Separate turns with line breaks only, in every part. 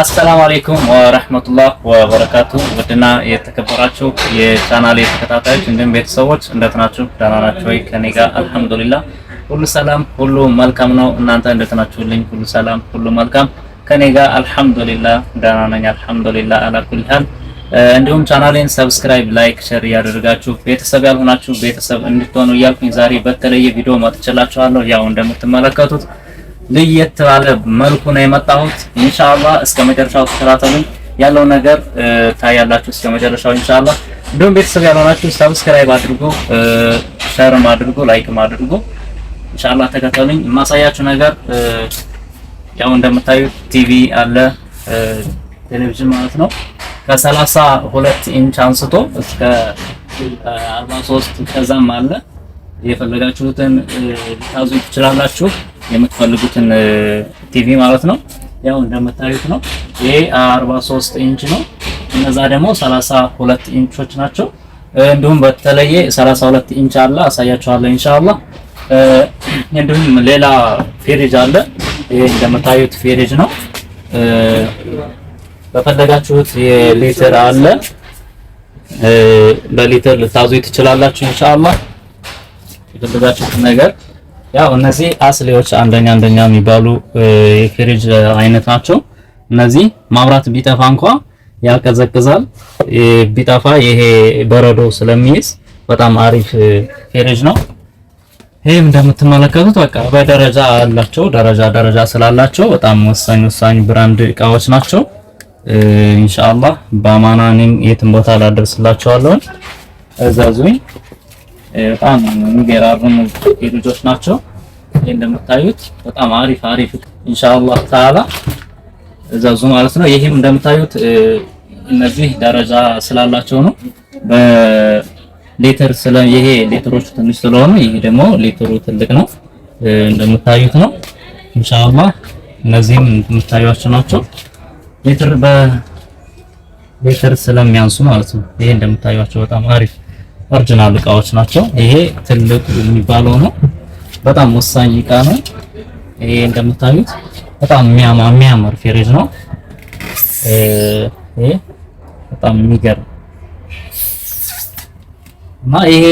አሰላሙ አሌይኩም ወረህመቱላህ ወበረካቱ። ውድና የተከበራችሁ የቻናሌ ተከታታዮች እንዲሁም ቤተሰቦች እንደት ናችሁ? ደህና ናችሁ ወይ? ከኔ ጋር አልሐምዱሊላህ ሁሉ ሰላም፣ ሁሉ መልካም ነው። እናንተ እንደት ናችሁልኝ? ሁሉ ሰላም፣ ሁሉ መልካም ከኔ ጋር አልሐምዱሊላህ ደህና ነኝ። አልሐምዱሊላህ አላ እንዲሁም ቻናሌን ሰብስክራይብ፣ ላይክ፣ ሸር እያደረጋችሁ ቤተሰብ ያልሆናችሁ ቤተሰብ እንድትሆኑ እያልኩኝ ዛሬ በተለየ ቪዲዮ መጥቼላችኋለሁ። ያው እንደምትመለከቱት ለየት ባለ መልኩ ነው የመጣሁት። ኢንሻአላህ እስከ መጨረሻው ተከታተሉኝ። ያለው ነገር ታያላችሁ እስከ መጨረሻው ኢንሻአላህ። እንዲሁም ቤተሰብ ያልሆናችሁ ሰብስክራይብ አድርጉ፣ ሸርም አድርጉ፣ ላይክም አድርጉ። ኢንሻአላህ ተከተሉኝ። የማሳያችሁ ነገር ያው እንደምታዩት ቲቪ አለ ቴሌቪዥን ማለት ነው። ከሰላሳ ሁለት ኢንች አንስቶ እስከ 43 ከዛም አለ። የፈለጋችሁትን ልታዙ ትችላላችሁ። የምትፈልጉትን ቲቪ ማለት ነው። ያው እንደምታዩት ነው። ይሄ 43 ኢንች ነው። እነዛ ደግሞ 32 ኢንቾች ናቸው። እንዲሁም በተለየ 32 ኢንች አለ፣ አሳያችኋለሁ ኢንሻአላህ። እንዲሁም ሌላ ፌሬጅ አለ። ይሄ እንደምታዩት ፌሪጅ ነው። በፈለጋችሁት የሊትር አለ፣ በሊትር ልታዙ ትችላላችሁ ኢንሻአላህ የፈለጋችሁት ነገር ያው እነዚህ አስሌዎች አንደኛ አንደኛ የሚባሉ የፍሪጅ አይነት ናቸው። እነዚህ ማብራት ቢጠፋ እንኳ ያቀዘቅዛል። ቢጠፋ ይሄ በረዶ ስለሚይዝ በጣም አሪፍ ፍሪጅ ነው። ይህም እንደምትመለከቱት በቃ በደረጃ አላቸው። ደረጃ ደረጃ ስላላቸው በጣም ወሳኝ ወሳኝ ብራንድ እቃዎች ናቸው። ኢንሻአላህ በአማና እኔም የትም ቦታ ላደርስላቸዋለሁ እዛዙኝ በጣም የሚገራርሙ ልጆች ናቸው። ይህ እንደምታዩት በጣም አሪፍ አሪፍ ኢንሻአላህ ተዓላ እዛዙ ማለት ነው። ይሄም እንደምታዩት እነዚህ ደረጃ ስላላቸው ነው። በሌተር ስለ ይሄ ሌተሮቹ ትንሽ ስለሆኑ ይሄ ደግሞ ሌተሩ ትልቅ ነው እንደምታዩት ነው። ኢንሻአላህ እነዚህም እንደምታዩቸው ናቸው። ሌተር በሌተር ስለሚያንሱ ማለት ነው። ይሄ እንደምታዩቸው በጣም አሪፍ ኦሪጂናል እቃዎች ናቸው። ይሄ ትልቅ የሚባለው ነው። በጣም ወሳኝ እቃ ነው። ይሄ እንደምታዩት በጣም የሚያምር ፌሬጅ ነው። ይሄ በጣም የሚገርም እና ይሄ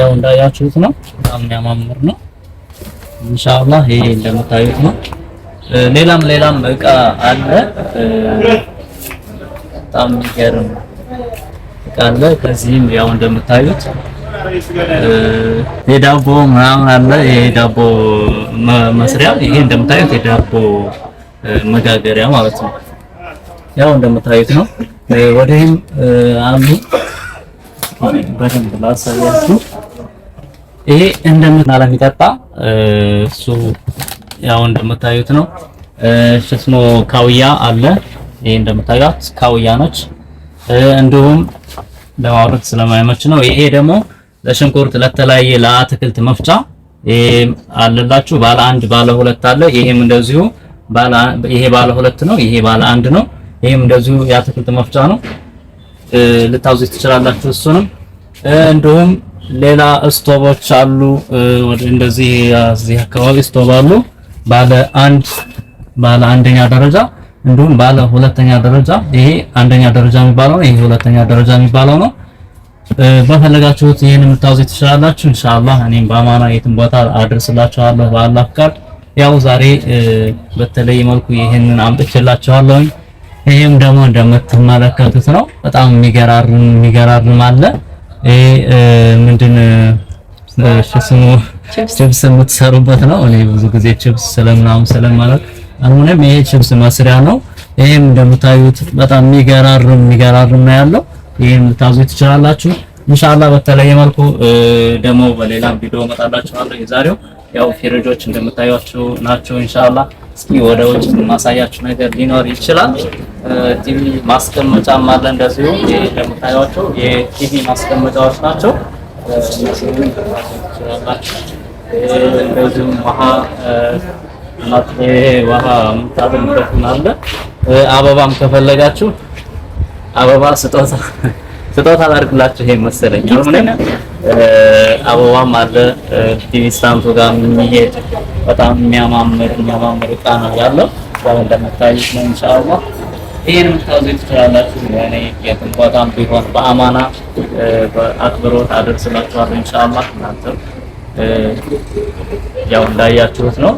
ያው እንዳያችሁት ነው። በጣም የሚያማምር ነው። ኢንሻአላህ ይሄ እንደምታዩት ነው። ሌላም ሌላም እቃ አለ። በጣም የሚገርም አለ። ከዚህም ያው እንደምታዩት የዳቦ ምናምን አለ። ይሄ ዳቦ መስሪያ ይሄ እንደምታዩት የዳቦ መጋገሪያ ማለት ነው። ያው እንደምታዩት ነው። ወደህም አሉ በደንብ ላሳያችሁ። ይሄ እንደምናላ የሚጠጣ እሱ ያው እንደምታዩት ነው። ሽስሞ ካውያ አለ። ይሄ እንደምታዩት ካውያ ነች። እንዲሁም ለማውረት ስለማይመች ነው። ይሄ ደግሞ ለሽንኩርት ለተለያየ ለአትክልት መፍጫ አለላችሁ። ባለ አንድ ባለ ሁለት አለ። ይሄም እንደዚሁ ይሄ ባለ ሁለት ነው። ይሄ ባለ አንድ ነው። ይሄም እንደዚሁ የአትክልት መፍጫ ነው። ልታዙ ትችላላችሁ። እሱንም እንዲሁም ሌላ ስቶቦች አሉ። እንደዚህ እዚህ አካባቢ ስቶብ አሉ። ባለ አንድ ባለ አንደኛ ደረጃ እንዲሁም ባለ ሁለተኛ ደረጃ ይሄ አንደኛ ደረጃ የሚባለው ይሄ ሁለተኛ ደረጃ የሚባለው ነው። በፈለጋችሁት ይሄን የምታውዙ ትችላላችሁ። ኢንሻአላህ እኔም በአማና የትም ቦታ አድርስላችኋለሁ በአላህ ፍቃድ። ያው ዛሬ በተለይ መልኩ ይሄንን አምጥቼላችኋለሁ። ይሄም ደግሞ እንደምትመለከቱት ነው። በጣም የሚገራርም የሚገራርም አለ። ይሄ ምንድን ስሙ ቺፕስ የምትሰሩበት ነው። እኔ ብዙ ጊዜ ቺፕስ ስለምናምን ስለማለት አሁንም ይሄ ችፕስ መስሪያ ነው። ይሄም እንደምታዩት በጣም የሚገራርም የሚገራርም ነው ያለው። ይሄን ልታዙት ትችላላችሁ። ኢንሻአላህ በተለየ መልኩ ደግሞ በሌላ ቪዲዮ መጣላችኋለሁ። የዛሬው ያው ፊሪጆች እንደምታዩቸው ናቸው። ኢንሻአላህ እስኪ ወደ ውጭ ማሳያችሁ ነገር ሊኖር ይችላል። ቲቪ ማስቀመጫም አለ እንደዚሁ። ይሄ እንደምታዩቸው የቲቪ ማስቀመጫዎች ናቸው። እነዚህም እንደዚሁ ውሃ ምጣድም አለ። አበባም ከፈለጋችሁ አበባ ስጦታ ስጦታ አላርግላችሁ። ይሄ መሰለኝ አበባም አለ። ቲቪ ስታንቱ ጋር የሚሄድ በጣም የሚያማምር የሚያማምር ዕቃ ነው ያለው። እንደምታዩት ነው። ኢንሻአላህ ይሄን የምታዙት ትችላላችሁ። ያኔ የትም ቦታም ቢሆን በአማና በአክብሮት አደርስላችኋለሁ። ኢንሻአላህ እናንተም ያው እንዳያችሁት ነው።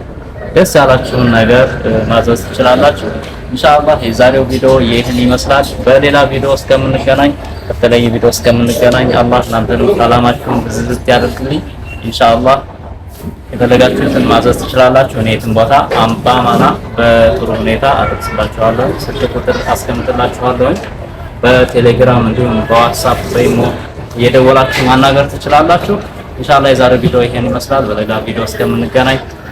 ደስ ያላችሁን ነገር ማዘዝ ትችላላችሁ። ኢንሻአላህ የዛሬው ቪዲዮ ይህን ይመስላል። በሌላ ቪዲዮ እስከምንገናኝ በተለየ ቪዲዮ እስከምንገናኝ አላህ እናንተንም ሰላማችሁን ብዝዝት ያደርግልኝ። ኢንሻአላህ የፈለጋችሁትን ማዘዝ ትችላላችሁ። እኔ የትም ቦታ በአማና በጥሩ ሁኔታ አደርስላችኋለሁ። ስልክ ቁጥር አስቀምጥላችኋለሁ። በቴሌግራም እንዲሁም በዋትሳፕ ወይም እየደወላችሁ ማናገር ትችላላችሁ። ኢንሻአላህ የዛሬው ቪዲዮ ይሄን ይመስላል። በሌላ ቪዲዮ እስከምንገናኝ